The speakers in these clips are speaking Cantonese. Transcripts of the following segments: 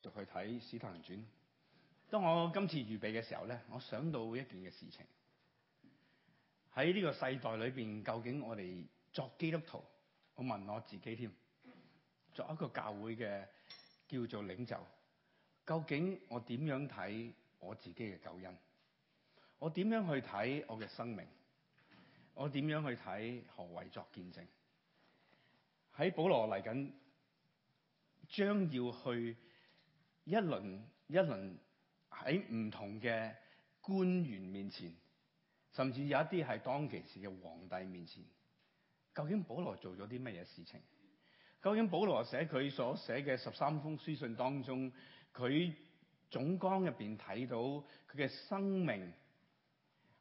就去睇《使徒行傳》。當我今次預備嘅時候咧，我想到一件嘅事情。喺呢個世代裏邊，究竟我哋作基督徒，我問我自己添。作一個教會嘅叫做領袖，究竟我點樣睇我自己嘅救恩？我點樣去睇我嘅生命？我點樣去睇何為作見證？喺保羅嚟緊，將要去。一輪一輪喺唔同嘅官員面前，甚至有一啲係當其時嘅皇帝面前。究竟保羅做咗啲乜嘢事情？究竟保羅寫佢所寫嘅十三封書信當中，佢總綱入邊睇到佢嘅生命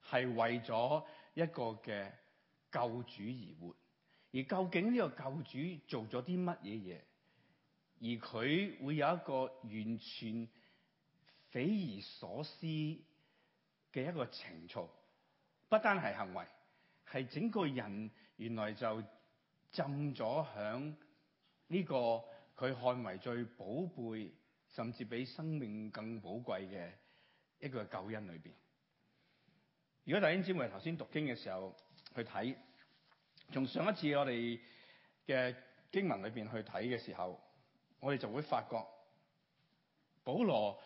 係為咗一個嘅救主而活。而究竟呢個救主做咗啲乜嘢嘢？而佢會有一個完全匪夷所思嘅一個情操，不單係行為，係整個人原來就浸咗響呢個佢看為最寶貝，甚至比生命更寶貴嘅一個救恩裏邊。如果弟兄姊妹頭先讀經嘅時候去睇，從上一次我哋嘅經文裏邊去睇嘅時候，我哋就會發覺，保羅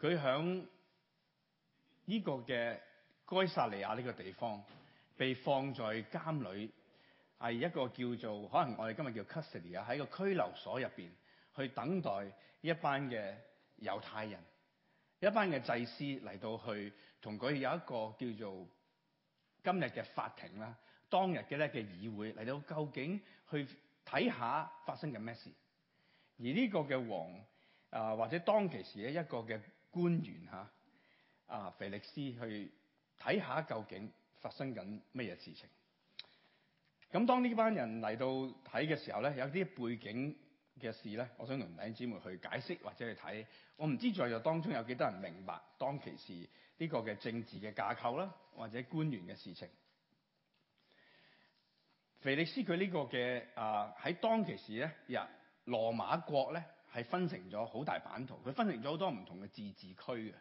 佢喺呢個嘅該撒利亞呢個地方，被放在監裏，係一個叫做可能我哋今日叫 custody 喺個拘留所入面，去等待一班嘅猶太人，一班嘅祭司嚟到去同佢有一個叫做今日嘅法庭啦、啊，當日嘅咧嘅議會嚟到究竟去睇下發生緊咩事。而呢個嘅王啊，或者當其時咧一個嘅官員嚇啊，腓力斯去睇下究竟發生緊乜嘢事情。咁當呢班人嚟到睇嘅時候咧，有啲背景嘅事咧，我想同弟兄姊妹去解釋或者去睇。我唔知在座當中有幾多人明白當其時呢個嘅政治嘅架構啦，或者官員嘅事情。腓力斯佢呢個嘅啊喺當其時咧日。羅馬國咧係分成咗好大版圖，佢分成咗好多唔同嘅自治區嘅。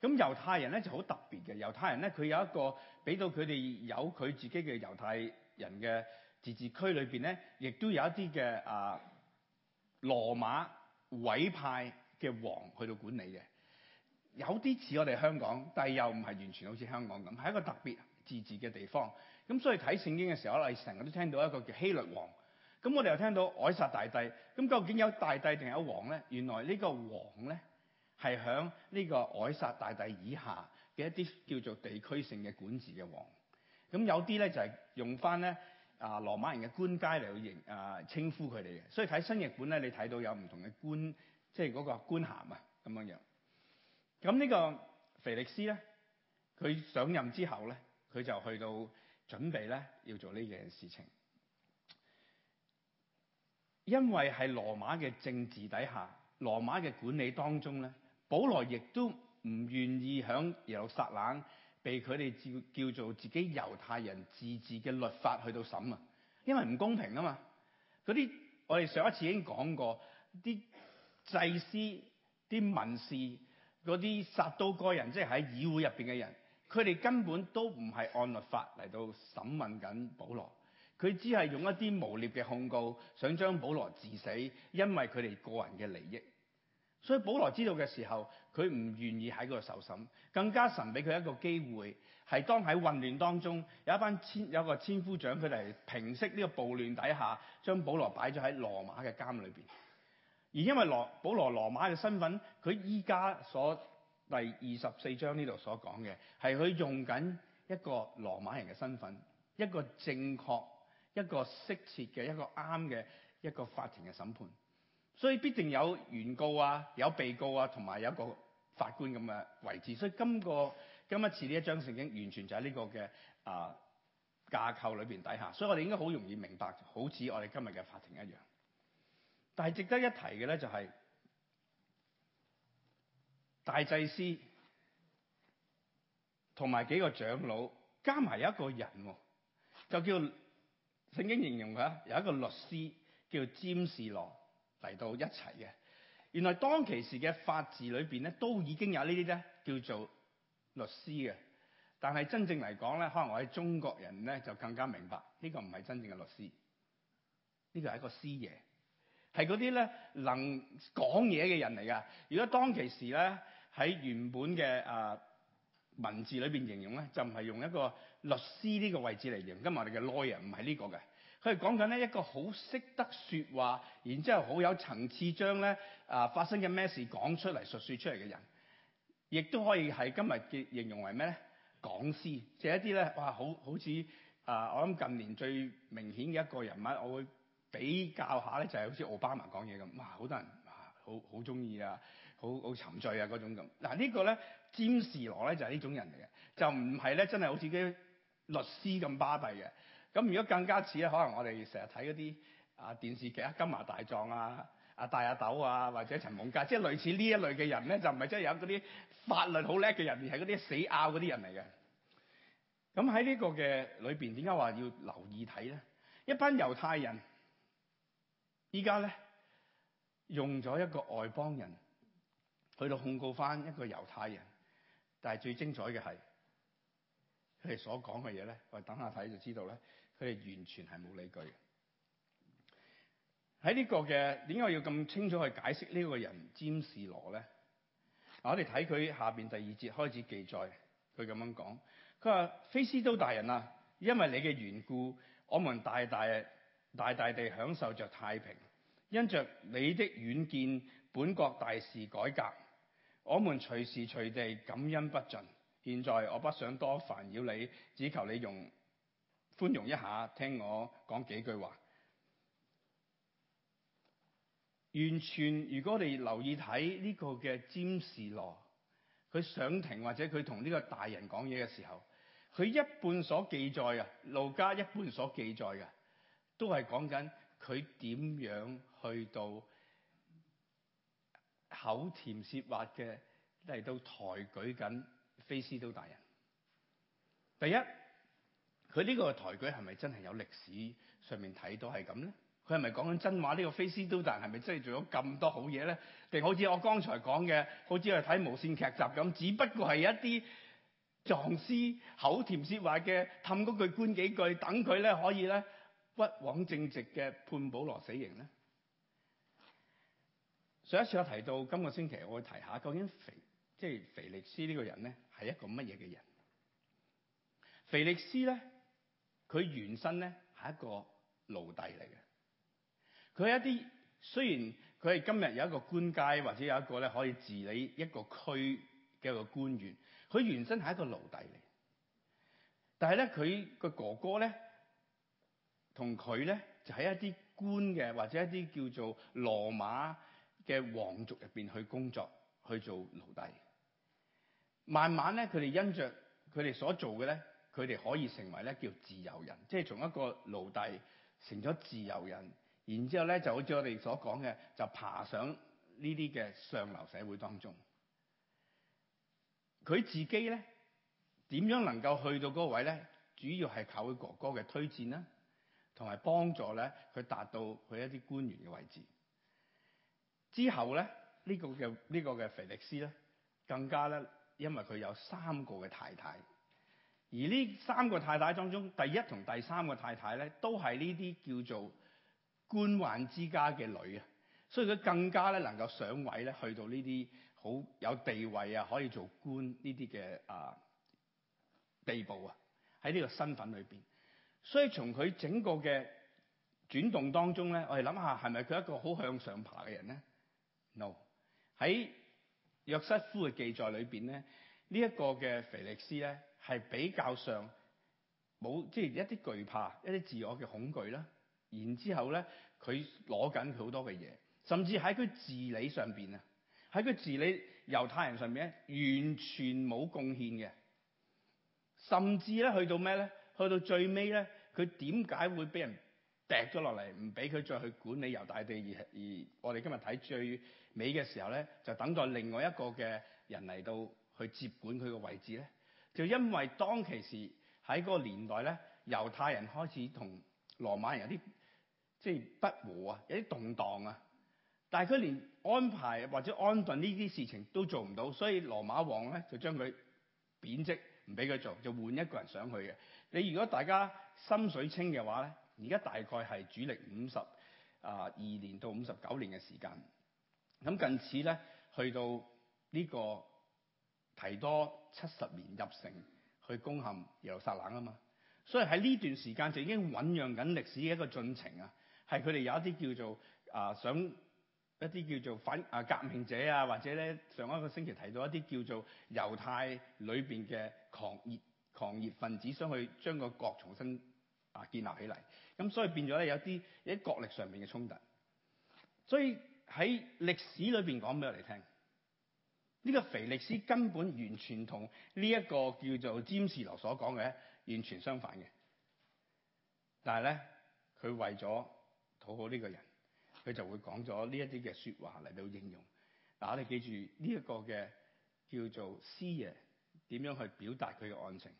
咁猶太人咧就好特別嘅，猶太人咧佢有一個俾到佢哋有佢自己嘅猶太人嘅自治區裏邊咧，亦都有一啲嘅啊羅馬委派嘅王去到管理嘅。有啲似我哋香港，但係又唔係完全好似香港咁，係一個特別自治嘅地方。咁所以睇聖經嘅時候，我哋成日都聽到一個叫希律王。咁我哋又聽到凱撒大帝，咁究竟有大帝定有王咧？原來個呢個王咧係響呢個凱撒大帝以下嘅一啲叫做地區性嘅管治嘅王。咁有啲咧就係用翻咧啊羅馬人嘅官階嚟去、啊、稱呼佢哋嘅。所以睇新譯本咧，你睇到有唔同嘅官，即係嗰個官銜啊咁樣樣。咁呢個腓力斯咧，佢上任之後咧，佢就去到準備咧要做呢樣事情。因為喺羅馬嘅政治底下，羅馬嘅管理當中咧，保羅亦都唔願意響耶路撒冷被佢哋叫叫做自己猶太人自治嘅律法去到審啊，因為唔公平啊嘛。嗰啲我哋上一次已經講過，啲祭司、啲文士、嗰啲撒都該人，即係喺議會入邊嘅人，佢哋根本都唔係按律法嚟到審問緊保羅。佢只係用一啲誣蔑嘅控告，想將保羅致死，因為佢哋個人嘅利益。所以保羅知道嘅時候，佢唔願意喺嗰度受審。更加神俾佢一個機會，係當喺混亂當中有一班千有個千夫長佢哋平息呢個暴亂底下，將保羅擺咗喺羅馬嘅監裏邊。而因為羅保羅羅馬嘅身份，佢依家所第二十四章呢度所講嘅係佢用緊一個羅馬人嘅身份，一個正確。一個適切嘅一個啱嘅一個法庭嘅審判，所以必定有原告啊，有被告啊，同埋有一個法官咁嘅位置。所以今個今一次呢一章聖經，完全就喺呢個嘅啊架構裏面底下。所以我哋應該好容易明白，好似我哋今日嘅法庭一樣。但係值得一提嘅咧，就係大祭司同埋幾個長老加埋一個人，啊，就叫。曾經形容佢，有一個律師叫占士郎，嚟到一齊嘅。原來當其時嘅法治裏邊咧，都已經有這些呢啲咧叫做律師嘅。但係真正嚟講咧，可能我哋中國人咧就更加明白，呢、這個唔係真正嘅律師，呢、這個係一個師爺，係嗰啲咧能講嘢嘅人嚟噶。如果當其時咧喺原本嘅啊、呃、文字裏邊形容咧，就唔係用一個。律師呢個位置嚟嘅，今日我哋嘅 lawyer 唔係呢個嘅，佢係講緊咧一個好識得說話，然之後好有層次，將咧啊發生嘅咩事講出嚟，述説出嚟嘅人，亦都可以係今日嘅形容為咩咧？講師，即係一啲咧哇，好好似啊，我諗近年最明顯嘅一個人物，我會比較下咧，就係好似奧巴馬講嘢咁，哇，好多人好好喜歡啊，好好中意啊，好好沉醉啊嗰種咁。嗱，呢個咧，占士羅咧就係呢種人嚟嘅，就唔係咧真係好似啲。律師咁巴閉嘅，咁如果更加似咧，可能我哋成日睇嗰啲啊電視劇啊《金華大狀》啊、啊大阿斗啊，或者陳夢吉，即係類似呢一類嘅人咧，就唔係真係有嗰啲法律好叻嘅人，而係嗰啲死拗嗰啲人嚟嘅。咁喺呢個嘅裏邊點解話要留意睇咧？一班猶太人依家咧用咗一個外邦人去到控告返一個猶太人，但係最精彩嘅係。佢哋所講嘅嘢咧，我等下睇就知道咧。佢哋完全係冇理據嘅。喺呢個嘅點解我要咁清楚去解釋呢個人占士羅咧？我哋睇佢下邊第二節開始記載，佢咁樣講：佢話菲斯都大人啊，因為你嘅緣故，我們大大大大地享受着太平。因着你的遠見，本國大事改革，我們隨時隨地感恩不盡。」現在我不想多煩擾你，只求你用寬容一下，聽我講幾句話。完全，如果你留意睇呢個嘅占士羅，佢上庭或者佢同呢個大人講嘢嘅時候，佢一半所記載啊，路加一半所記載嘅，都係講緊佢點樣去到口甜舌滑嘅嚟到抬舉緊。非斯都大人，第一，佢呢個抬舉係咪真係有歷史上面睇到係咁咧？佢係咪講緊真話？呢個非斯都大人係咪真係做咗咁多好嘢咧？定好似我剛才講嘅，好似去睇無線劇集咁？只不過係一啲藏私、口甜舌滑嘅氹嗰句官幾句，等佢咧可以咧屈枉正直嘅判保羅死刑咧？上一次我提到，今個星期我會提下究竟即係腓力，力斯呢個人咧，係一個乜嘢嘅人？腓力斯咧，佢原身咧係一個奴隸嚟嘅。佢係一啲雖然佢係今日有一個官階，或者有一個咧可以治理一個區嘅一個官員，佢原身係一個奴隸嚟。但係咧，佢個哥哥咧，同佢咧就喺一啲官嘅，或者一啲叫做羅馬嘅皇族入邊去工作，去做奴隸。慢慢咧，佢哋因着佢哋所做嘅咧，佢哋可以成為咧叫自由人，即係從一個奴隸成咗自由人。然之後咧，就好似我哋所講嘅，就爬上呢啲嘅上流社會當中。佢自己咧點樣能夠去到嗰個位咧？主要係靠佢哥哥嘅推薦啦，同埋幫助咧，佢達到佢一啲官員嘅位置。之後咧，呢個嘅呢個嘅腓力斯咧，更加咧。因為佢有三個嘅太太，而呢三個太太當中，第一同第三個太太咧，都係呢啲叫做官宦之家嘅女啊，所以佢更加咧能夠上位咧，去到呢啲好有地位啊，可以做官呢啲嘅啊地步啊，喺呢個身份裏邊。所以從佢整個嘅轉動當中咧，我哋諗下係咪佢一個好向上爬嘅人咧？No，喺。約瑟夫嘅記載裏邊咧，呢、這、一個嘅腓力斯咧係比較上冇，即係一啲懼怕、一啲自我嘅恐懼啦。然之後咧，佢攞緊佢好多嘅嘢，甚至喺佢治理上邊啊，喺佢治理猶太人上邊咧，完全冇貢獻嘅，甚至咧去到咩咧？去到最尾咧，佢點解會俾人？掟咗落嚟，唔俾佢再去管理猶大地而，而而我哋今日睇最尾嘅時候咧，就等待另外一個嘅人嚟到去接管佢個位置咧。就因為當其時喺嗰個年代咧，猶太人開始同羅馬人有啲即係不和啊，有啲動盪啊。但係佢連安排或者安頓呢啲事情都做唔到，所以羅馬王咧就將佢貶職，唔俾佢做，就換一個人上去嘅。你如果大家心水清嘅話咧？而家大概係主力五十啊二年到五十九年嘅時間，咁近似咧去到呢個提多七十年入城去攻陷耶路撒冷啊嘛，所以喺呢段時間就已經醖釀緊歷史嘅一個進程啊，係佢哋有一啲叫做啊、呃、想一啲叫做反啊革命者啊，或者咧上一個星期提到一啲叫做猶太裏面嘅狂熱狂熱分子，想去將個國重新。啊！建立起嚟咁，所以變咗咧有啲喺國力上面嘅衝突，所以喺歷史裏邊講俾我哋聽呢個腓力斯根本完全同呢一個叫做詹士羅所講嘅完全相反嘅，但係咧佢為咗討好呢個人，佢就會講咗呢一啲嘅說話嚟到應用。嗱，我哋記住呢一個嘅叫做師爺點樣去表達佢嘅案情。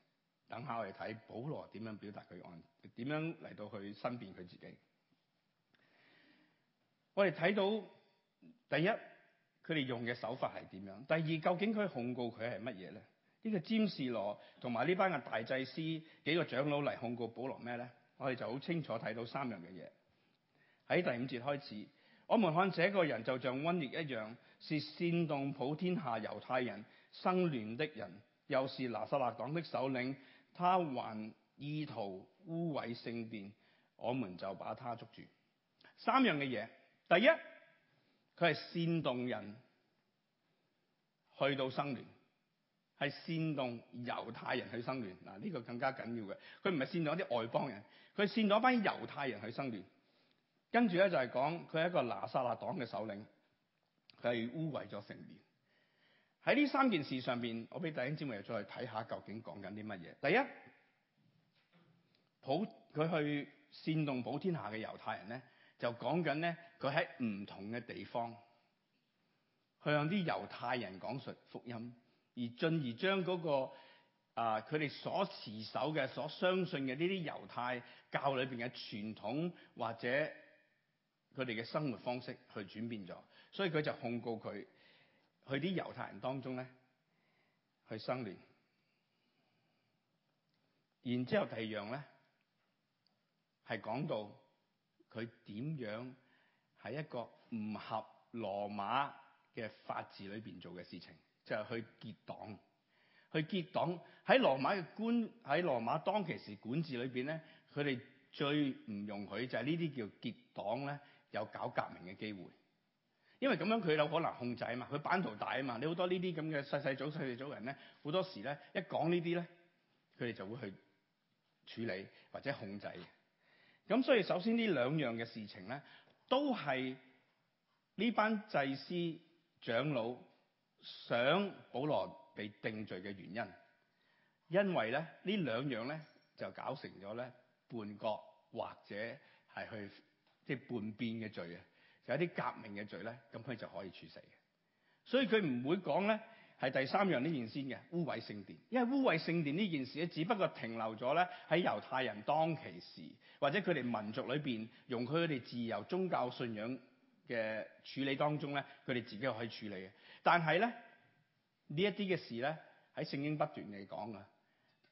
等下我哋睇保羅點樣表達佢案，點樣嚟到去申辯佢自己。我哋睇到第一，佢哋用嘅手法係點樣；第二，究竟佢控告佢係乜嘢咧？呢、這個占士羅同埋呢班嘅大祭司幾個長老嚟控告保羅咩咧？我哋就好清楚睇到三樣嘅嘢。喺第五節開始，我們看這個人就像瘟疫一樣，是煽動普天下猶太人生亂的人，又是拿撒勒黨的首領。他還意圖污穢聖殿，我們就把他捉住。三樣嘅嘢，第一，佢係煽動人去到生亂，係煽動猶太人去生亂。嗱，呢個更加緊要嘅，佢唔係煽動啲外邦人，佢煽動一班猶太人去生亂。跟住咧就係講佢係一個拿撒勒黨嘅首領，佢係污穢咗聖殿。喺呢三件事上邊，我俾弟兄姊妹又再睇下究竟講緊啲乜嘢。第一，普佢去煽動普天下嘅猶太人咧，就講緊咧佢喺唔同嘅地方，佢向啲猶太人講述福音，而進而將嗰個啊佢哋所持守嘅、所相信嘅呢啲猶太教裏邊嘅傳統或者佢哋嘅生活方式去轉變咗，所以佢就控告佢。去啲猶太人當中咧去生亂，然之後第二樣咧係講到佢點樣喺一個唔合羅馬嘅法治裏邊做嘅事情，就係、是、去結黨，去結黨喺羅馬嘅官喺羅馬當其時管治裏邊咧，佢哋最唔容許就係呢啲叫結黨咧有搞革命嘅機會。因為咁樣佢有可能控制啊嘛，佢版圖大啊嘛，你好多呢啲咁嘅細細組細細組人咧，好多時咧一講呢啲咧，佢哋就會去處理或者控制嘅。咁所以首先呢兩樣嘅事情咧，都係呢班祭司長老想保羅被定罪嘅原因，因為咧呢兩樣咧就搞成咗咧叛國或者係去即係叛變嘅罪啊。有啲革命嘅罪咧，咁佢就可以處死嘅。所以佢唔會講咧，係第三樣呢件事嘅污穢聖殿，因為污穢聖殿呢件事咧，只不過停留咗咧喺猶太人當其時或者佢哋民族裏邊用佢哋自由宗教信仰嘅處理當中咧，佢哋自己可以處理嘅。但係咧呢一啲嘅事咧喺聖經不斷嚟講啊，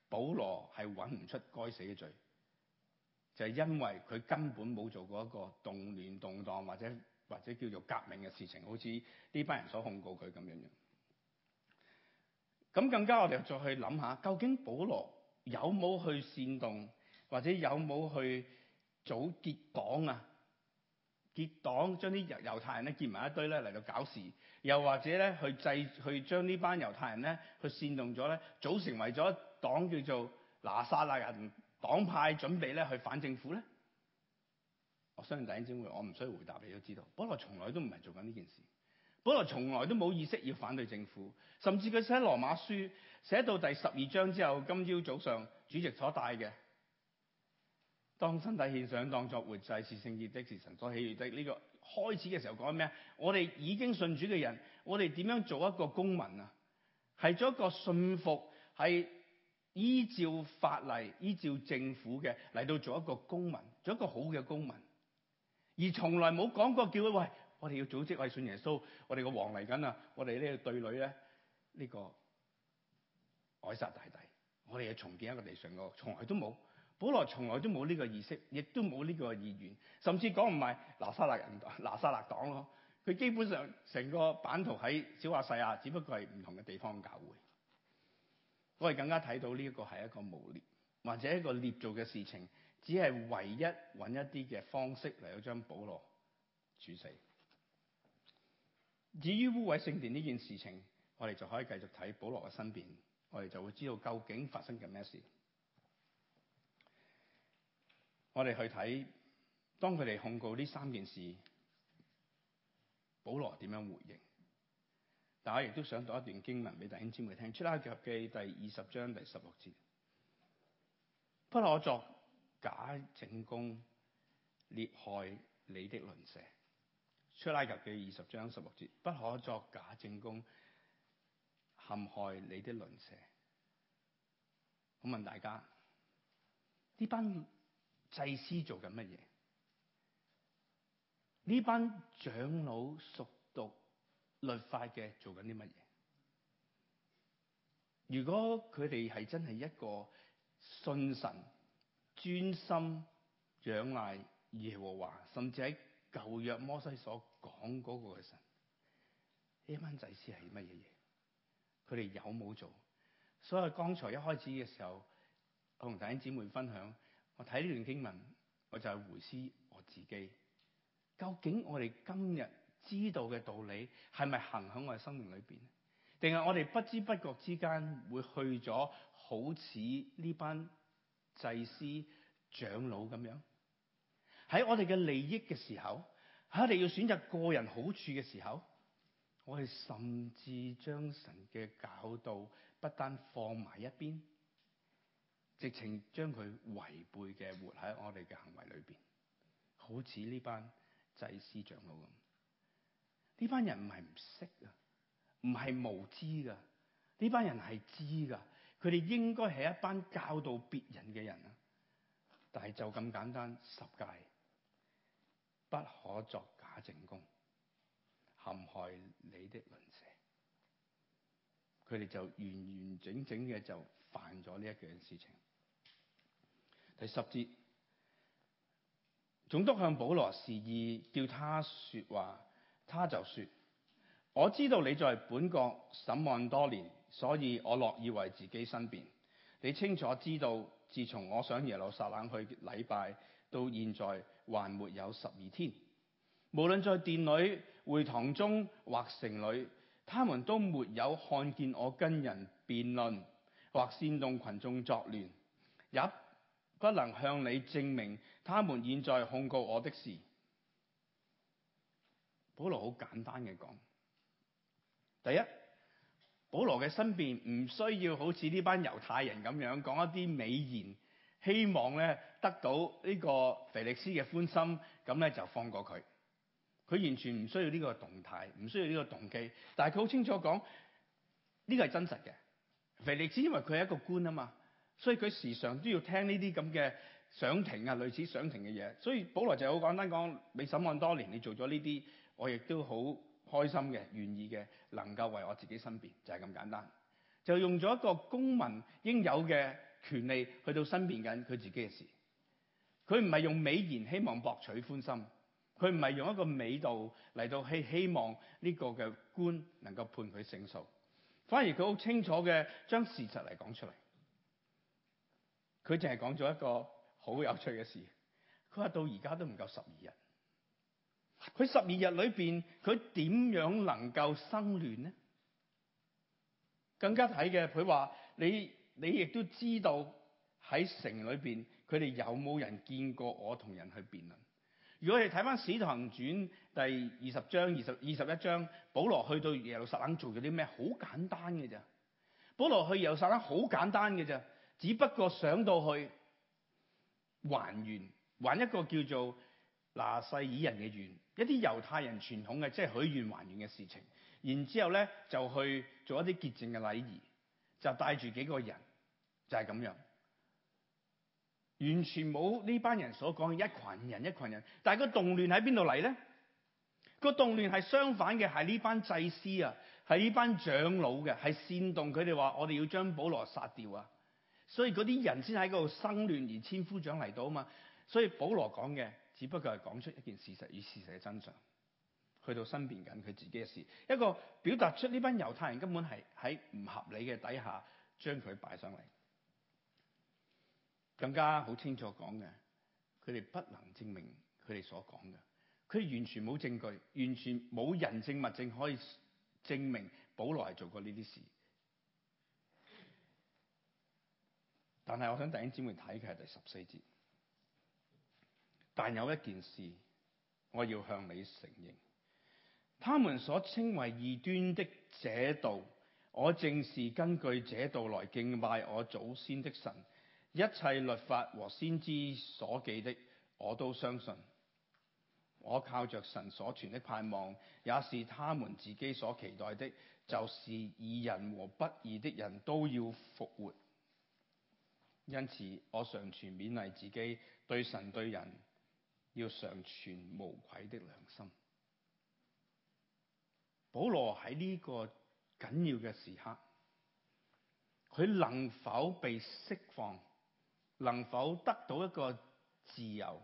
保羅係揾唔出該死嘅罪。就係因為佢根本冇做過一個動亂、動盪或者或者叫做革命嘅事情，好似呢班人所控告佢咁樣樣。咁更加我哋又再去諗下，究竟保羅有冇去煽動，或者有冇去組結黨啊？結黨將啲猶猶太人咧結埋一堆咧嚟到搞事，又或者咧去制去將呢班猶太人咧去煽動咗咧，組成為咗一黨叫做拿撒勒人，黨派準備咧去反政府咧？我相信大家貞會，我唔需要回答你都知道。保羅從來都唔係做緊呢件事，保羅從來都冇意識要反對政府，甚至佢寫羅馬書寫到第十二章之後，今朝早上主席所帶嘅，當身體獻上當作活祭，是聖潔的，是神所喜悅的。呢個開始嘅時候講咩？我哋已經信主嘅人，我哋點樣做一個公民啊？係做一個信服，係。依照法例，依照政府嘅嚟到做一個公民，做一個好嘅公民。而從來冇講過叫佢，喂，我哋要組織我哋信耶穌我哋個王嚟緊啊！我哋呢個對壘咧，呢、這個凱撒大帝，我哋要重建一個地上國，從來都冇。保羅從來都冇呢個意識，亦都冇呢個意願，甚至講唔係拿撒勒人、拿撒勒黨咯。佢基本上成個版圖喺小亞細亞，只不過係唔同嘅地方教會。我哋更加睇到呢一個係一個誣衊，或者一個捏造嘅事情，只係唯一揾一啲嘅方式嚟到將保羅處死。至於污穢聖殿呢件事情，我哋就可以繼續睇保羅嘅申辯，我哋就會知道究竟發生緊咩事。我哋去睇，當佢哋控告呢三件事，保羅點樣回應？大家亦都想讀一段經文俾弟兄姊妹聽，《出埃及記》第二十章第十六節：不可作假證供，裂害你的鄰舍。《出埃及記》二十章十六節，不可作假證供，陷害你的鄰舍。我問大家，呢班祭司做緊乜嘢？呢班長老屬？律法嘅做緊啲乜嘢？如果佢哋係真係一個信神、專心仰賴耶和華，甚至喺舊約摩西所講嗰個嘅神，呢班祭司係乜嘢嘢？佢哋有冇做？所以剛才一開始嘅時候，我同弟兄姐妹分享，我睇呢段經文，我就係回思我自己，究竟我哋今日？知道嘅道理係咪行響我哋生命裏邊？定係我哋不知不覺之間會去咗？好似呢班祭司長老咁樣，喺我哋嘅利益嘅時候，喺我哋要選擇個人好處嘅時候，我哋甚至將神嘅教導不單放埋一邊，直情將佢違背嘅活喺我哋嘅行為裏邊，好似呢班祭司長老咁。呢班人唔係唔識啊，唔係無知噶，呢班人係知噶。佢哋應該係一班教導別人嘅人啊，但係就咁簡單，十誡，不可作假證供，陷害你的鄰舍。佢哋就完完整整嘅就犯咗呢一件事情。第十節，總督向保羅示意叫他說話。他就說：我知道你在本國審案多年，所以我樂意為自己申辯。你清楚知道，自從我上耶路撒冷去禮拜，到現在還沒有十二天。無論在殿裏、會堂中或城裏，他們都沒有看見我跟人辯論或煽動群眾作亂，也不能向你證明他們現在控告我的事。保羅好簡單嘅講，第一，保羅嘅申辯唔需要好似呢班猶太人咁樣講一啲美言，希望咧得到呢個腓力斯嘅歡心，咁咧就放過佢。佢完全唔需要呢個動態，唔需要呢個動機。但係佢好清楚講，呢個係真實嘅。腓力斯因為佢係一個官啊嘛，所以佢時常都要聽呢啲咁嘅上庭啊類似上庭嘅嘢。所以保羅就好簡單講，你審案多年，你做咗呢啲。我亦都好開心嘅，願意嘅，能夠為我自己申辯，就係咁簡單。就用咗一個公民應有嘅權利去到申辯緊佢自己嘅事。佢唔係用美言希望博取歡心，佢唔係用一個美度嚟到希希望呢個嘅官能夠判佢勝訴，反而佢好清楚嘅將事實嚟講出嚟。佢淨係講咗一個好有趣嘅事。佢話到而家都唔夠十二日。佢十二日裏邊，佢點樣能夠生亂呢？更加睇嘅佢話：你你亦都知道喺城裏邊，佢哋有冇人見過我同人去辯論？如果你睇翻《使徒行傳》第二十章、二十二十一章，保羅去到耶路撒冷做咗啲咩？好簡單嘅啫。保羅去耶路撒冷好簡單嘅啫，只不過上到去還願，還一個叫做拿細耳人嘅願。一啲猶太人傳統嘅即係許願還願嘅事情然，然之後咧就去做一啲潔淨嘅禮儀，就帶住幾個人，就係、是、咁樣，完全冇呢班人所講嘅一群人一群人。但係個動亂喺邊度嚟咧？個動亂係相反嘅，係呢班祭司啊，係呢班長老嘅，係煽動佢哋話我哋要將保羅殺掉啊！所以嗰啲人先喺嗰度生亂，而千夫長嚟到啊嘛！所以保羅講嘅。只不過係講出一件事實與事實嘅真相，去到申辯緊佢自己嘅事，一個表達出呢班猶太人根本係喺唔合理嘅底下將佢擺上嚟，更加好清楚講嘅，佢哋不能證明佢哋所講嘅，佢哋完全冇證據，完全冇人證物證可以證明保羅係做過呢啲事，但係我想第二點會睇嘅係第十四節。但有一件事，我要向你承認，他們所稱為異端的這道，我正是根據這道來敬拜我祖先的神。一切律法和先知所記的，我都相信。我靠着神所傳的盼望，也是他們自己所期待的，就是義人和不義的人都要復活。因此，我常存勉勵自己，對神對人。要常存無愧的良心。保羅喺呢個緊要嘅時刻，佢能否被釋放？能否得到一個自由？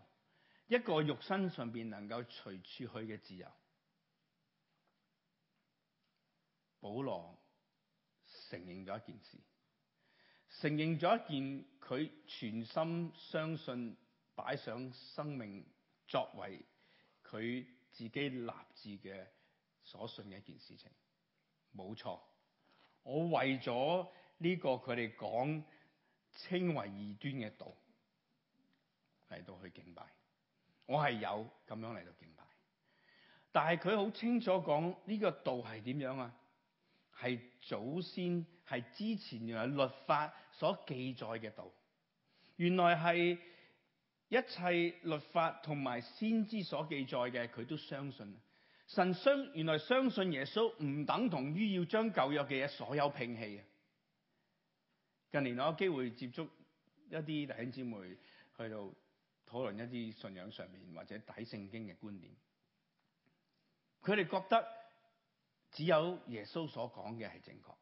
一個肉身上邊能夠隨處去嘅自由？保羅承認咗一件事，承認咗一件佢全心相信、擺上生命。作為佢自己立志嘅所信嘅一件事情，冇錯。我為咗呢個佢哋講稱為異端嘅道嚟到去敬拜，我係有咁樣嚟到敬拜。但係佢好清楚講呢個道係點樣啊？係祖先係之前原來嘅律法所記載嘅道，原來係。一切律法同埋先知所記載嘅，佢都相信。神相，原來相信耶穌唔等同於要將舊約嘅嘢所有摒棄。近年我有機會接觸一啲弟兄姊妹，去到討論一啲信仰上面或者睇聖經嘅觀點，佢哋覺得只有耶穌所講嘅係正確，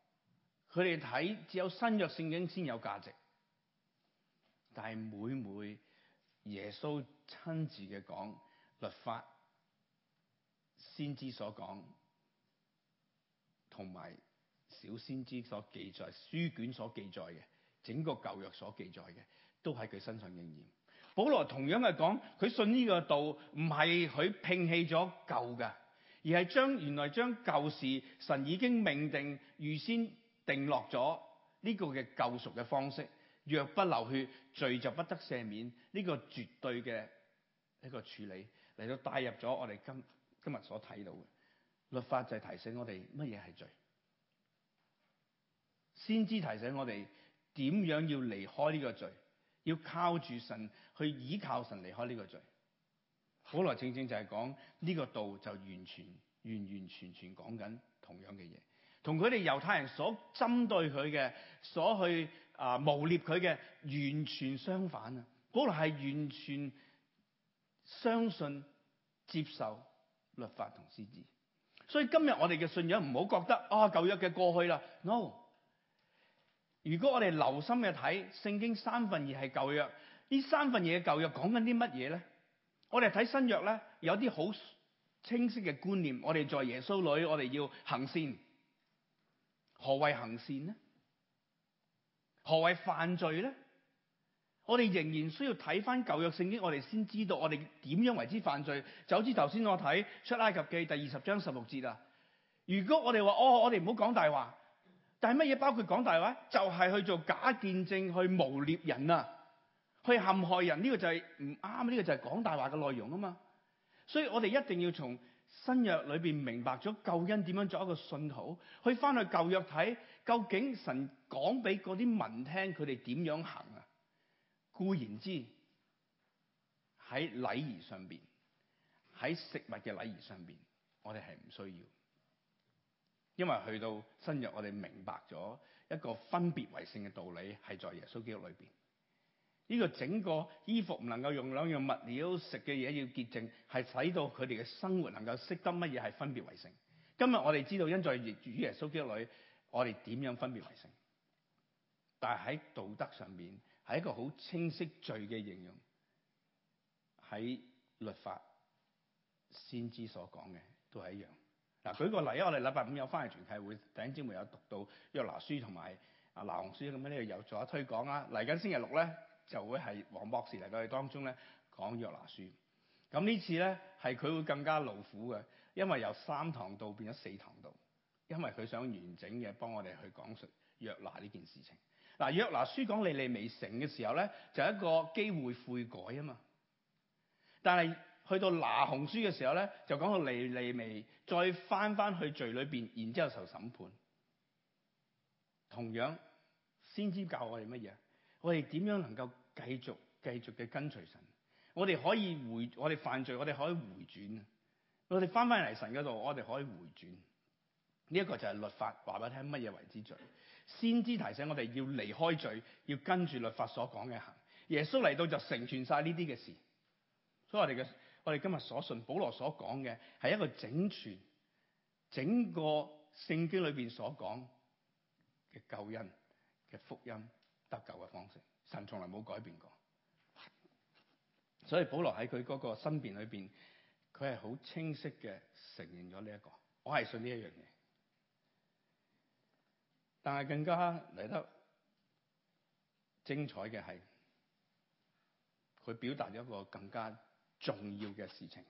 佢哋睇只有新約聖經先有價值，但係每每。耶穌親自嘅講律法、先知所講，同埋小先知所記載、書卷所記載嘅，整個舊約所記載嘅，都喺佢身上應驗。保羅同樣嘅講，佢信呢個道，唔係佢摒棄咗舊嘅，而係將原來將舊時神已經命定、預先定落咗呢個嘅救贖嘅方式。若不流血，罪就不得赦免。呢、呢個絕對嘅一個處理嚟到帶入咗我哋今今日所睇到嘅律法，就係提醒我哋乜嘢係罪，先知提醒我哋點樣要離開呢個罪，要靠住神去倚靠神離開呢個罪。好來正正就係講呢個道就完全完完全全講緊同樣嘅嘢，同佢哋猶太人所針對佢嘅所去。啊！誣蔑佢嘅完全相反啊！嗰度係完全相信接受律法同先知。所以今日我哋嘅信仰唔好覺得啊，哦、舊約嘅過去啦。No，如果我哋留心嘅睇聖經，三分二係舊約，三分二舊約呢三分二嘅舊約講緊啲乜嘢咧？我哋睇新約咧，有啲好清晰嘅觀念。我哋在耶穌裏，我哋要行善。何謂行善呢？何謂犯罪咧？我哋仍然需要睇翻舊約聖經，我哋先知道我哋點樣為之犯罪。就好似頭先我睇出埃及記第二十章十六節啊！如果我哋話哦，我哋唔好講大話，但係乜嘢包括講大話？就係、是、去做假見證，去誣衊人啊，去陷害人。呢、這個就係唔啱，呢、這個就係講大話嘅內容啊嘛！所以我哋一定要從。新約裏邊明白咗救恩點樣做一個信徒，回去翻去舊約睇，究竟神講俾啲民聽佢哋點樣行啊？固然之在，喺禮儀上邊，喺食物嘅禮儀上邊，我哋係唔需要，因為去到新約我哋明白咗一個分別為聖嘅道理係在耶穌基督裏邊。呢、這個整個衣服唔能夠用兩樣物料，食嘅嘢要潔淨，係使到佢哋嘅生活能夠識得乜嘢係分別為聖。今日我哋知道，因在與耶穌基督裏，我哋點樣分別為聖？但係喺道德上面係一個好清晰罪嘅形容，喺律法先知所講嘅都係一樣。嗱，舉個例子，我哋禮拜五有翻去全體會，第一週末有讀到約拿書同埋啊那鴻書咁樣，呢度又做一推廣下推廣啊。嚟緊星期六咧，就會係黃博士嚟到我哋當中咧講約拿書，咁呢次咧係佢會更加勞苦嘅，因為由三堂道變咗四堂道，因為佢想完整嘅幫我哋去講述約拿呢件事情。嗱，約拿書講尼尼微城嘅時候咧，就一個機會悔改啊嘛，但係去到那鴻書嘅時候咧，就講到尼尼微再翻翻去罪裏面，然之後受審判，同樣先知教我哋乜嘢？我哋點樣能夠繼續繼續嘅跟隨神？我哋可以回，我哋犯罪，我哋可以回轉啊！我哋翻翻嚟神嗰度，我哋可以回轉。呢一個就係律法，話俾你聽乜嘢為之罪？先知提醒我哋要離開罪，要跟住律法所講嘅行。耶穌嚟到就成全晒呢啲嘅事。所以我哋嘅我哋今日所信保羅所講嘅係一個整全，整個聖經裏邊所講嘅救恩嘅福音。得救嘅方式，神從來冇改變過，所以保羅喺佢嗰個申辯裏邊，佢係好清晰嘅承認咗呢一個，我係信呢一樣嘢。但係更加嚟得精彩嘅係，佢表達咗一個更加重要嘅事情：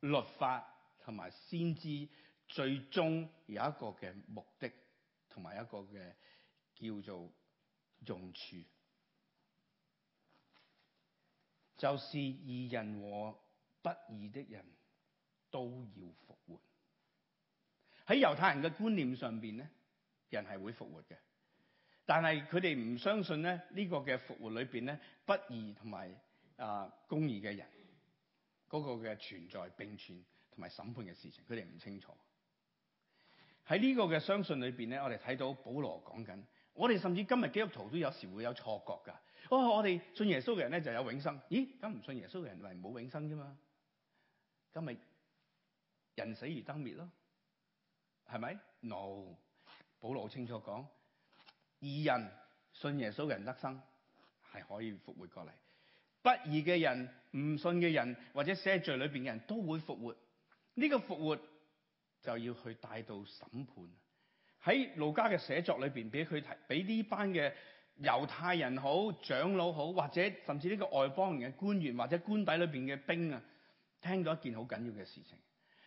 律法同埋先知最終有一個嘅目的，同埋一個嘅。叫做用處，就是義人和不義的人都要復活。喺猶太人嘅觀念上邊咧，人係會復活嘅，但係佢哋唔相信咧呢個嘅復活裏邊咧，不義同埋啊公義嘅人嗰個嘅存在並存同埋審判嘅事情，佢哋唔清楚。喺呢個嘅相信裏邊咧，我哋睇到保羅講緊。我哋甚至今日基督徒都有時會有錯覺噶、哦，我我哋信耶穌嘅人咧就有永生咦，咦咁唔信耶穌嘅人咪冇永生啫嘛、啊，咁咪人死如燈滅咯，係咪？No，保羅清楚講，義人信耶穌嘅人得生，係可以復活過嚟；不義嘅人、唔信嘅人或者死喺罪裏邊嘅人都會復活，呢個復活就要去帶到審判。喺路加嘅寫作裏邊，俾佢提俾呢班嘅猶太人好長老好，或者甚至呢個外邦人嘅官員或者官邸裏邊嘅兵啊，聽到一件好緊要嘅事情。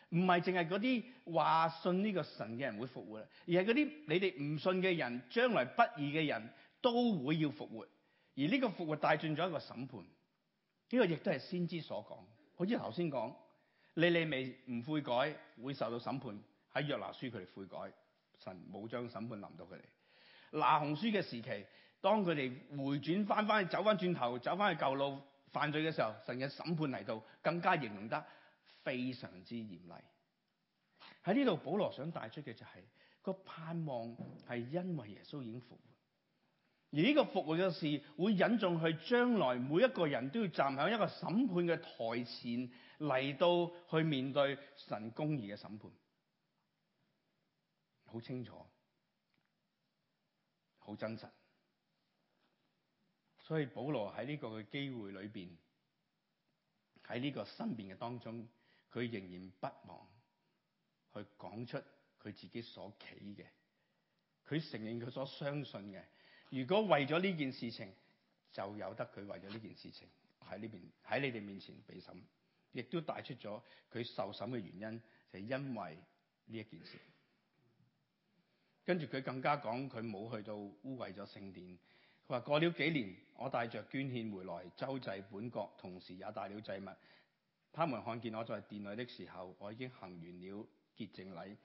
唔係淨係嗰啲話信呢個神嘅人會復活啦，而係嗰啲你哋唔信嘅人，將來不義嘅人都會要復活。而呢個復活帶進咗一個審判，呢、這個亦都係先知所講。好似頭先講，你哋未唔悔改會受到審判，喺約拿書佢哋悔改。神冇將審判臨到佢哋。嗱，紅書嘅時期，當佢哋回轉翻翻去走翻轉頭，走翻去舊路犯罪嘅時候，神嘅審判嚟到，更加形容得非常之嚴厲。喺呢度，保羅想帶出嘅就係、是、個盼望係因為耶穌已經復活，而呢個復活嘅事會引進去將來每一個人都要站喺一個審判嘅台前嚟到去面對神公義嘅審判。好清楚，好真實。所以保羅喺呢個嘅機會裏邊，喺呢個申辯嘅當中，佢仍然不忘去講出佢自己所企嘅，佢承認佢所相信嘅。如果為咗呢件事情，就有得佢為咗呢件事情喺呢邊喺你哋面前被審，亦都帶出咗佢受審嘅原因，就係因為呢一件事情。跟住佢更加講，佢冇去到污穢咗聖殿。佢話過了幾年，我帶着捐獻回來，周濟本國，同時也帶了祭物。他們看見我在殿裏的時候，我已經行完了潔淨禮，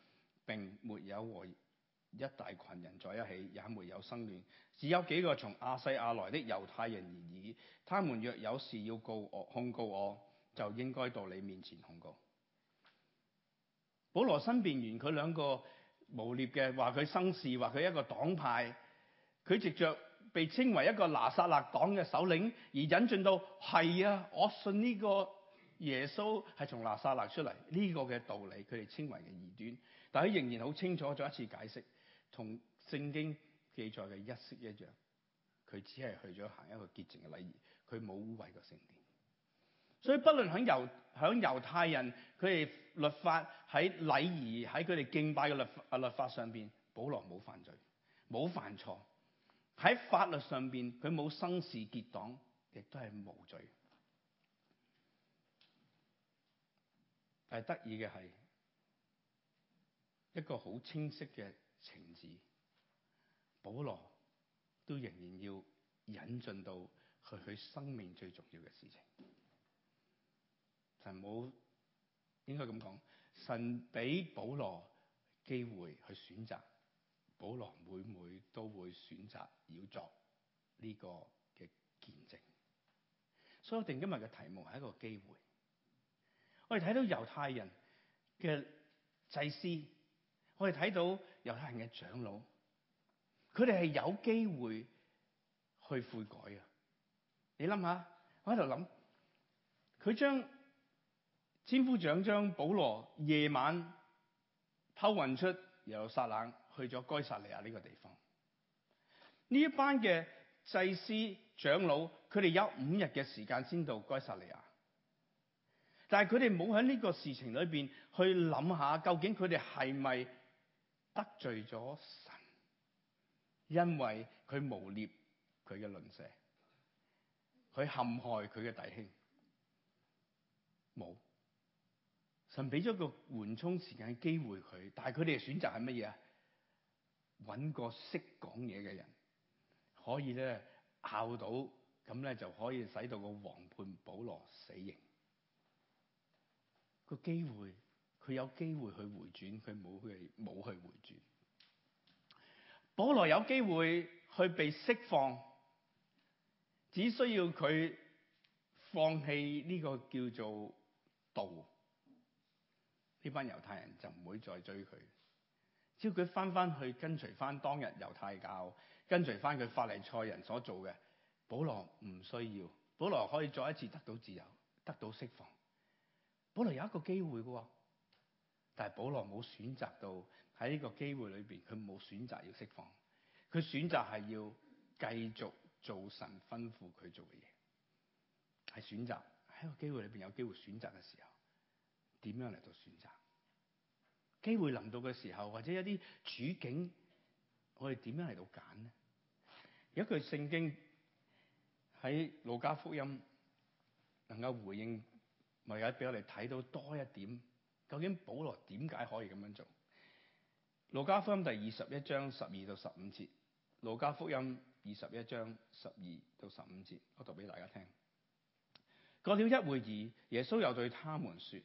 並沒有和一大群人在一起，也沒有生亂，只有幾個從亞西亞來的猶太人而已。他們若有事要告我控告我，就應該到你面前控告。保羅申辯完佢兩個。誣衊嘅話佢生事，話佢一個黨派，佢直着被稱為一個拿撒勒黨嘅首領而引進到係啊，我信呢個耶穌係從拿撒勒出嚟呢、這個嘅道理，佢哋稱為嘅異端。但係佢仍然好清楚再一次解釋，同聖經記載嘅一式一樣，佢只係去咗行一個潔淨嘅禮儀，佢冇污穢個聖殿。所以，不論響猶太人佢哋律法喺禮儀，喺佢哋敬拜嘅律律法上邊，保羅冇犯罪冇犯錯。喺法律上邊，佢冇生事結黨，亦都係無罪。但係得意嘅係一個好清晰嘅情節，保羅都仍然要引進到佢佢生命最重要嘅事情。冇，應該咁講，神俾保羅機會去選擇，保羅每每都會選擇要作呢個嘅見證。所以我哋今日嘅題目係一個機會。我哋睇到猶太人嘅祭司，我哋睇到猶太人嘅長老，佢哋係有機會去悔改嘅。你諗下，我喺度諗，佢將。千夫長將保羅夜晚偷運出，耶路撒冷去咗該撒利亞呢個地方。呢一班嘅祭司長老，佢哋有五日嘅時間先到該撒利亞，但係佢哋冇喺呢個事情裏邊去諗下，究竟佢哋係咪得罪咗神？因為佢污衊佢嘅鄰舍，佢陷害佢嘅弟兄，冇。神俾咗個緩衝時間嘅機會佢，但係佢哋嘅選擇係乜嘢啊？揾個識講嘢嘅人，可以咧拗到，咁咧就可以使到個王判保羅死刑。呢個機會，佢有機會去回轉，佢冇去冇去回轉。保羅有機會去被釋放，只需要佢放棄呢個叫做道。呢班猶太人就唔會再追佢，只要佢翻翻去跟隨翻當日猶太教，跟隨翻佢法利賽人所做嘅，保羅唔需要，保羅可以再一次得到自由，得到釋放。保羅有一個機會㗎，但係保羅冇選擇到喺呢個機會裏邊，佢冇選擇要釋放，佢選擇係要繼續做神吩咐佢做嘅嘢，係選擇喺個機會裏邊有機會選擇嘅時候，點樣嚟到選擇？機會臨到嘅時候，或者一啲處境，我哋點樣嚟到揀咧？有一句聖經喺《路加福音》能夠回應，咪係俾我哋睇到多一點，究竟保羅點解可以咁樣做？《路加福音》第二十一章十二到十五節，《路加福音》二十一章十二到十五節，我讀俾大家聽。過了一會兒，耶穌又對他們說。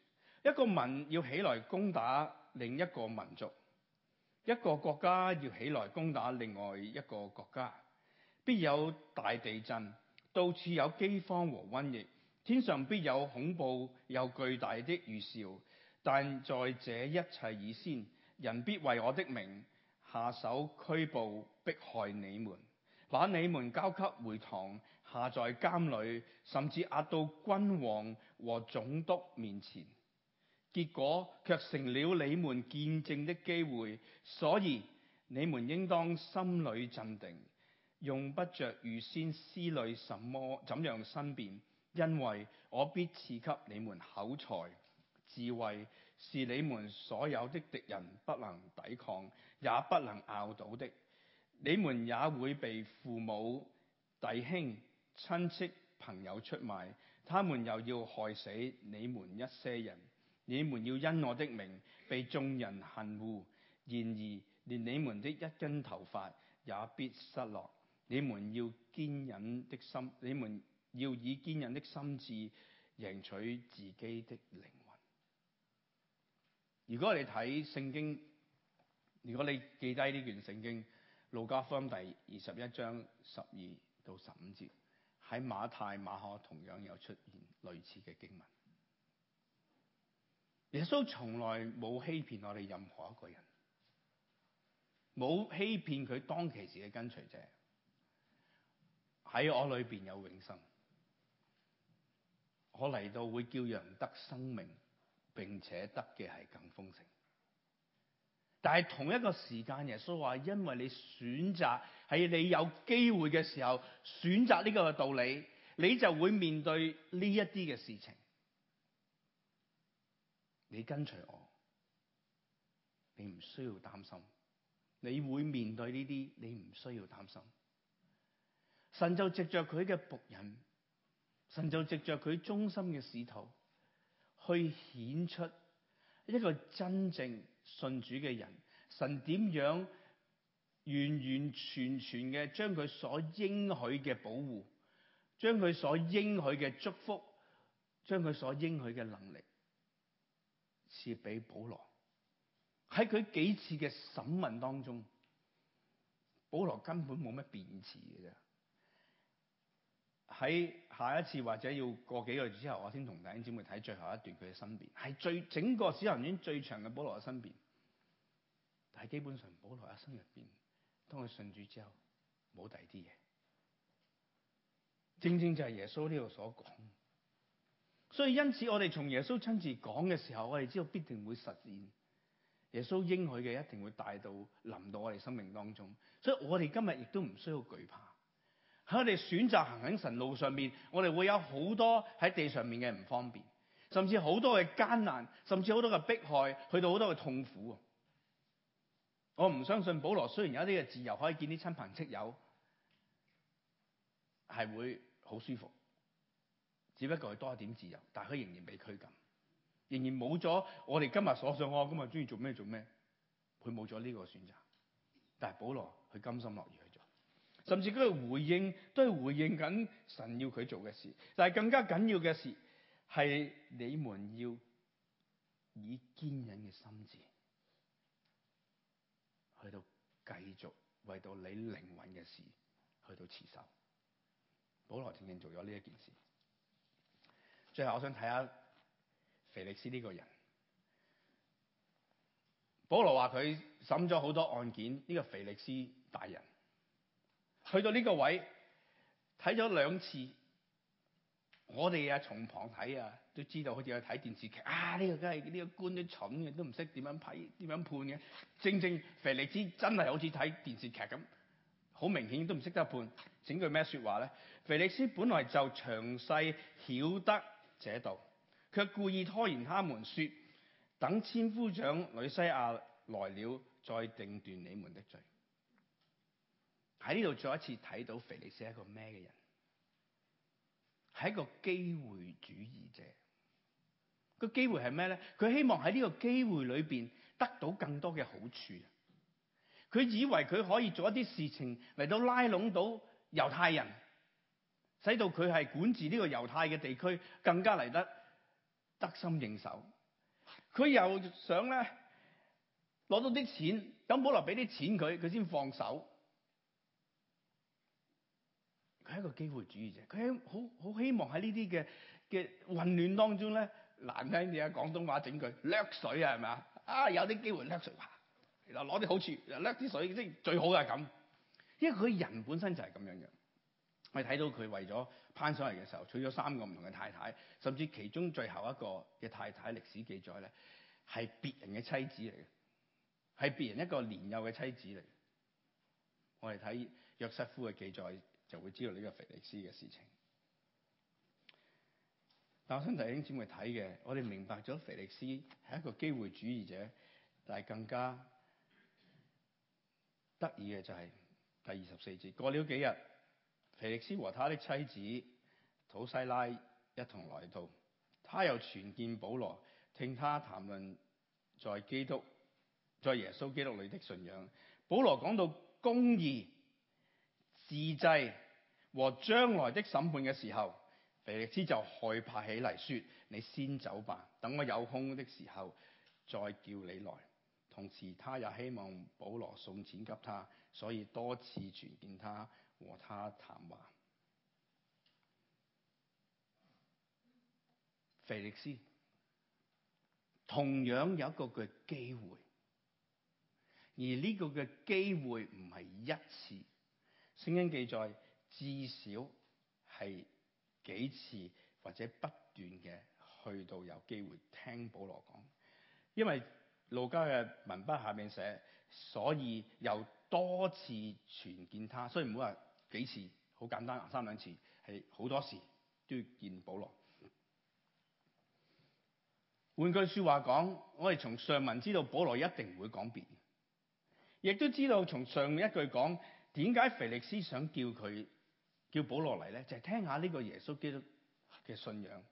一個民要起來攻打另一個民族，一個國家要起來攻打另外一個國家，必有大地震，到處有飢荒和瘟疫，天上必有恐怖又巨大的預兆。但在這一切以先，人必為我的名下手拘捕逼害你們，把你們交給會堂，下在監裏，甚至押到君王和總督面前。結果卻成了你們見證的機會，所以你們應當心裏鎮定，用不着預先思慮什麼、怎樣申辯，因為我必賜給你們口才、智慧，是你們所有的敵人不能抵抗、也不能拗倒的。你們也會被父母、弟兄、親戚、朋友出賣，他們又要害死你們一些人。你們要因我的名被眾人恨惡，然而連你們的一根頭髮也必失落。你們要堅忍的心，你們要以堅忍的心志贏取自己的靈魂。如果你睇聖經，如果你記低呢段聖經，路加福音第二十一章十二到十五節，喺馬太、馬可同樣有出現類似嘅經文。耶穌從來冇欺騙我哋任何一個人，冇欺騙佢當其時嘅跟隨者，喺我裏邊有永生，我嚟到會叫人得生命，並且得嘅係更豐盛。但係同一個時間，耶穌話：「因為你選擇係你有機會嘅時候選擇呢個道理，你就會面對呢一啲嘅事情。你跟隨我，你唔需要擔心，你會面對呢啲，你唔需要擔心。神就藉着佢嘅僕人，神就藉着佢忠心嘅使徒，去顯出一個真正信主嘅人。神點樣完完全全嘅將佢所應許嘅保護，將佢所應許嘅祝福，將佢所應許嘅能力。是俾保羅喺佢幾次嘅審問當中，保羅根本冇乜辯詞嘅啫。喺下一次或者要過幾個月之後，我先同弟兄姐妹睇最後一段佢嘅申辯，係最整個小學院最長嘅保羅嘅申辯。但係基本上保羅一生入邊，當佢信主之後，冇第二啲嘢，正正就係耶穌呢度所講。所以因此，我哋從耶穌親自講嘅時候，我哋知道必定會實現耶穌應許嘅，一定會帶到臨到我哋生命當中。所以我哋今日亦都唔需要懼怕。喺我哋選擇行喺神路上面，我哋會有好多喺地上面嘅唔方便，甚至好多嘅艱難，甚至好多嘅迫害，去到好多嘅痛苦。我唔相信保羅雖然有一啲嘅自由，可以見啲親朋戚友，係會好舒服。只不過係多一點自由，但係佢仍然被拘禁，仍然冇咗我哋今日所想，我今日中意做咩做咩，佢冇咗呢個選擇。但係保羅佢甘心樂意去做，甚至佢回應都係回應緊神要佢做嘅事。但係更加緊要嘅事係你們要以堅忍嘅心智去到繼續為到你靈魂嘅事去到持守。保羅正正做咗呢一件事。最後我想睇下腓力斯呢個人。保羅話佢審咗好多案件，呢個腓力斯大人去到呢個位睇咗兩次，我哋啊從旁睇啊都知道好似有睇電視劇啊呢個梗係呢個官都蠢嘅，都唔識點樣批點樣判嘅。正正腓力斯真係好似睇電視劇咁，好明顯都唔識得判。整句咩説話咧？腓力斯本來就詳細曉得。寫到卻故意拖延他們說，等千夫長呂西亞來了再定斷你們的罪。喺呢度再一次睇到腓力斯一個咩嘅人，係一個機會主義者。個機會係咩咧？佢希望喺呢個機會裏邊得到更多嘅好處。佢以為佢可以做一啲事情嚟，到拉攏到猶太人。使到佢係管治呢個猶太嘅地區更加嚟得得心應手。佢又想咧攞到啲錢，等保羅俾啲錢佢，佢先放手。佢係一個機會主義者，佢好好希望喺呢啲嘅嘅混亂當中咧，難聽啲啊，廣東話整句，掠水啊係咪？啊有啲機會掠水吧，嗱，攞啲好處，掠啲水即係最好係咁，因為佢人本身就係咁樣嘅。我睇到佢為咗攀上嚟嘅時候，娶咗三個唔同嘅太太，甚至其中最後一個嘅太太，歷史記載咧係別人嘅妻子嚟，係別人一個年幼嘅妻子嚟。我哋睇約瑟夫嘅記載就會知道呢個腓力斯嘅事情。但我想提醒姊妹睇嘅，我哋明白咗腓力斯係一個機會主義者，但係更加得意嘅就係第二十四節，過咗幾日。腓力斯和他的妻子土西拉一同來到，他又傳見保羅，聽他談論在基督、在耶穌基督裏的信仰。保羅講到公義、自制和將來的審判嘅時候，腓力斯就害怕起嚟，說：你先走吧，等我有空的時候再叫你來。同時，他也希望保羅送錢給他，所以多次傳見他。和他談話，腓力斯同樣有一個嘅機會，而呢個嘅機會唔係一次。聖經記載，至少係幾次或者不斷嘅去到有機會聽保羅講，因為路加嘅文筆下面寫，所以有多次傳見他。所以唔好話。幾次好簡單，三兩次係好多時都要見保羅。換句話說話講，我哋從上文知道保羅一定唔會講別，亦都知道從上文一句講點解腓力斯想叫佢叫保羅嚟咧，就係聽下呢個耶穌基督嘅信仰。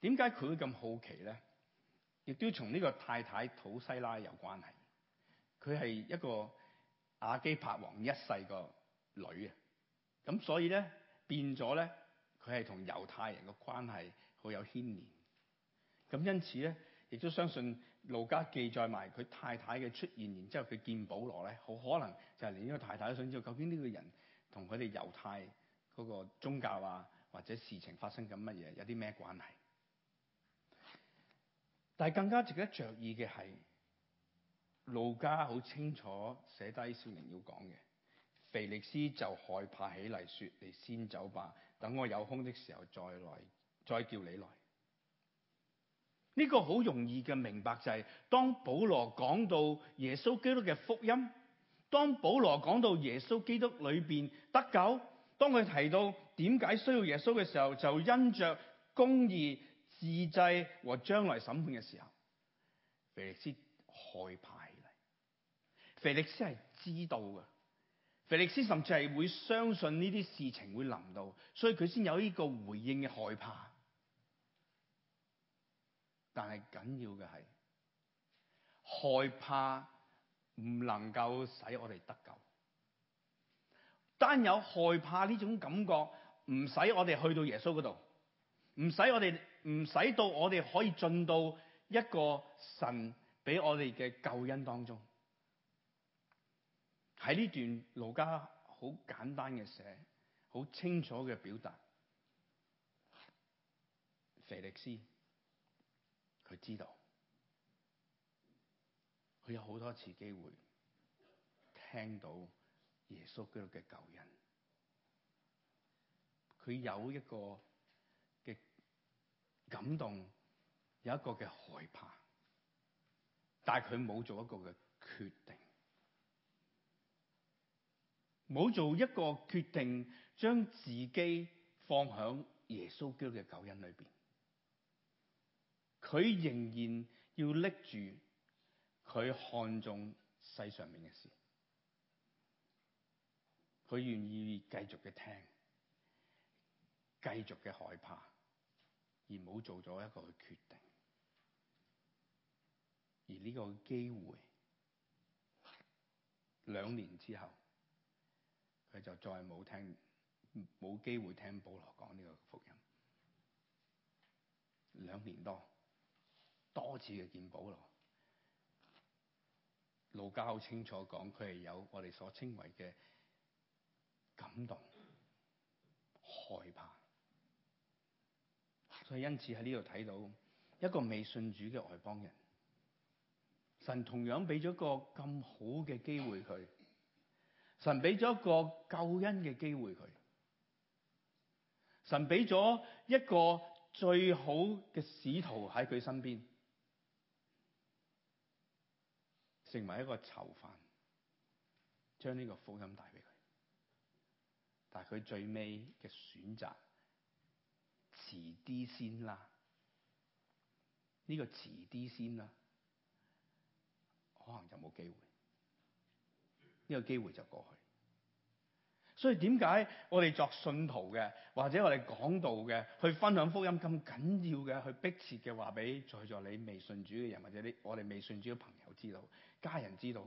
點解佢會咁好奇咧？亦都從呢個太太土西拉有關係，佢係一個亞基帕王一世個。女啊，咁所以咧變咗咧，佢係同猶太人嘅關係好有牽連，咁因此咧，亦都相信路加記載埋佢太太嘅出現，然之後佢見保羅咧，好可能就係連呢個太太都想知道，究竟呢個人同佢哋猶太嗰個宗教啊，或者事情發生緊乜嘢，有啲咩關係？但係更加值得着意嘅係，路加好清楚寫低聖靈要講嘅。腓力斯就害怕起嚟，說：你先走吧，等我有空的時候再嚟，再叫你嚟。呢個好容易嘅明白就係，當保羅講到耶穌基督嘅福音，當保羅講到耶穌基督裏邊得救，當佢提到點解需要耶穌嘅時候，就因着公義、自治和將來審判嘅時候，腓力斯害怕起嚟。腓力斯係知道嘅。菲利斯甚至係會相信呢啲事情會臨到，所以佢先有呢個回應嘅害怕。但係緊要嘅係，害怕唔能夠使我哋得救。單有害怕呢種感覺，唔使我哋去到耶穌度，唔使我哋唔使到我哋可以進到一個神俾我哋嘅救恩當中。喺呢段路加好簡單嘅寫，好清楚嘅表達，腓力斯佢知道，佢有好多次機會聽到耶穌嗰度嘅救恩。佢有一個嘅感動，有一個嘅害怕，但係佢冇做一個嘅決定。冇做一個決定，將自己放響耶穌基督嘅救恩裏邊，佢仍然要拎住佢看重世上面嘅事，佢願意繼續嘅聽，繼續嘅害怕，而冇做咗一個決定，而呢個機會兩年之後。佢就再冇聽，冇機會聽保羅講呢個福音。兩年多，多次嘅見保羅，路加好清楚講佢係有我哋所稱為嘅感動、害怕，所以因此喺呢度睇到一個未信主嘅外邦人，神同樣俾咗個咁好嘅機會佢。神俾咗一個救恩嘅機會佢，神俾咗一個最好嘅使徒喺佢身邊，成為一個囚犯，將呢個福音帶俾佢，但係佢最尾嘅選擇，遲啲先啦，呢個遲啲先啦，可能就冇機會。呢個機會就過去，所以點解我哋作信徒嘅，或者我哋講道嘅，去分享福音咁緊要嘅，去迫切嘅話俾在座你未信主嘅人，或者啲我哋未信主嘅朋友知道、家人知道，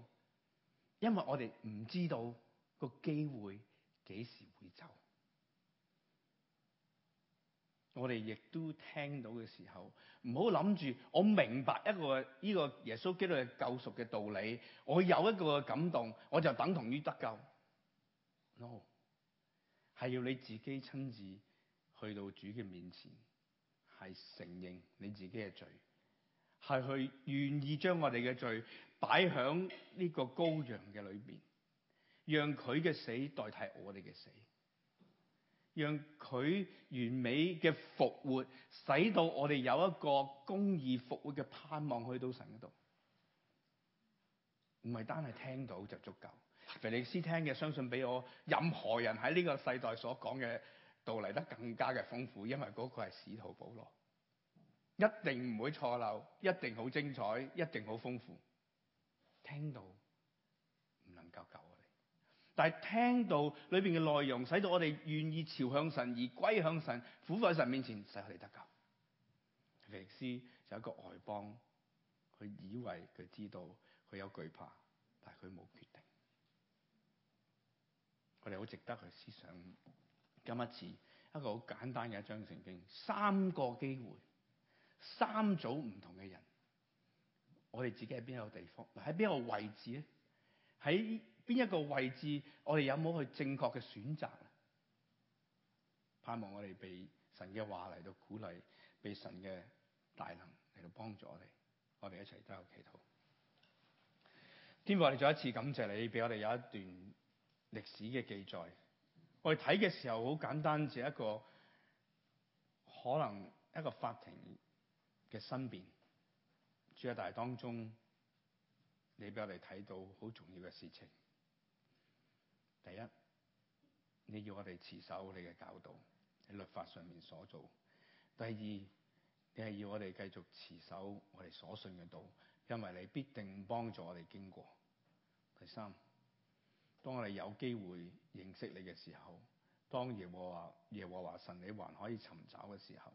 因為我哋唔知道個機會幾時會走。我哋亦都聽到嘅時候，唔好諗住我明白一個呢個耶穌基督嘅救贖嘅道理，我有一個感動，我就等同於得救。No，係要你自己親自去到主嘅面前，係承認你自己嘅罪，係去願意將我哋嘅罪擺喺呢個羔羊嘅裏面，讓佢嘅死代替我哋嘅死。讓佢完美嘅復活，使到我哋有一個公義復活嘅盼望去到神嗰度，唔係單係聽到就足夠。腓力斯聽嘅相信俾我，任何人喺呢個世代所講嘅道理得更加嘅豐富，因為嗰個係使徒保羅，一定唔會錯漏，一定好精彩，一定好豐富。聽到。但係聽到裏邊嘅內容，使到我哋願意朝向神而歸向神，俯伏神面前，使我哋得救。腓力斯有一個外邦，佢以為佢知道，佢有懼怕，但係佢冇決定。我哋好值得去思想今一次，一個好簡單嘅一章聖經，三個機會，三組唔同嘅人。我哋自己喺邊一個地方？喺邊一個位置咧？喺？邊一個位置，我哋有冇去正確嘅選擇？盼望我哋被神嘅話嚟到鼓勵，被神嘅大能嚟到幫助我哋。我哋一齊都有祈禱。天父，我哋再一次感謝你，俾我哋有一段歷史嘅記載。我哋睇嘅時候好簡單，只係一個可能一個法庭嘅身邊。主在大當中，你俾我哋睇到好重要嘅事情。第一，你要我哋持守你嘅教導，喺律法上面所做；第二，你係要我哋繼續持守我哋所信嘅道，因為你必定幫助我哋經過。第三，當我哋有機會認識你嘅時候，當耶和華耶和華神你還可以尋找嘅時候，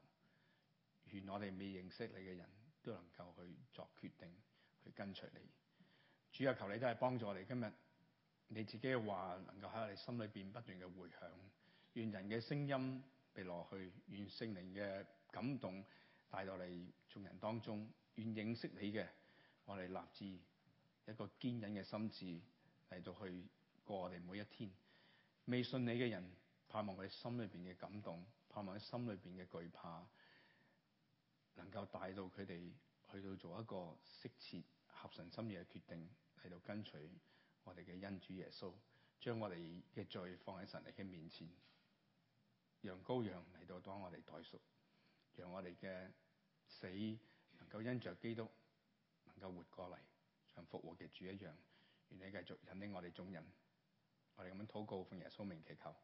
願我哋未認識你嘅人都能夠去作決定，去跟隨你。主啊，求你都係幫助我哋今日。你自己嘅話能夠喺我哋心裏邊不斷嘅迴響，願人嘅聲音被落去，願聖靈嘅感動帶到嚟眾人當中，願認識你嘅我哋立志一個堅忍嘅心智，嚟到去過我哋每一天。未信你嘅人，盼望佢心裏邊嘅感動，盼望佢心裏邊嘅懼怕，能夠帶到佢哋去到做一個適切合神心意嘅決定嚟到跟隨。我哋嘅恩主耶穌，將我哋嘅罪放喺神力嘅面前，讓羔羊嚟到當我哋代贖，讓我哋嘅死能夠因着基督能夠活過嚟，像復活嘅主一樣。願你繼續引領我哋眾人，我哋咁樣禱告奉耶穌名祈求。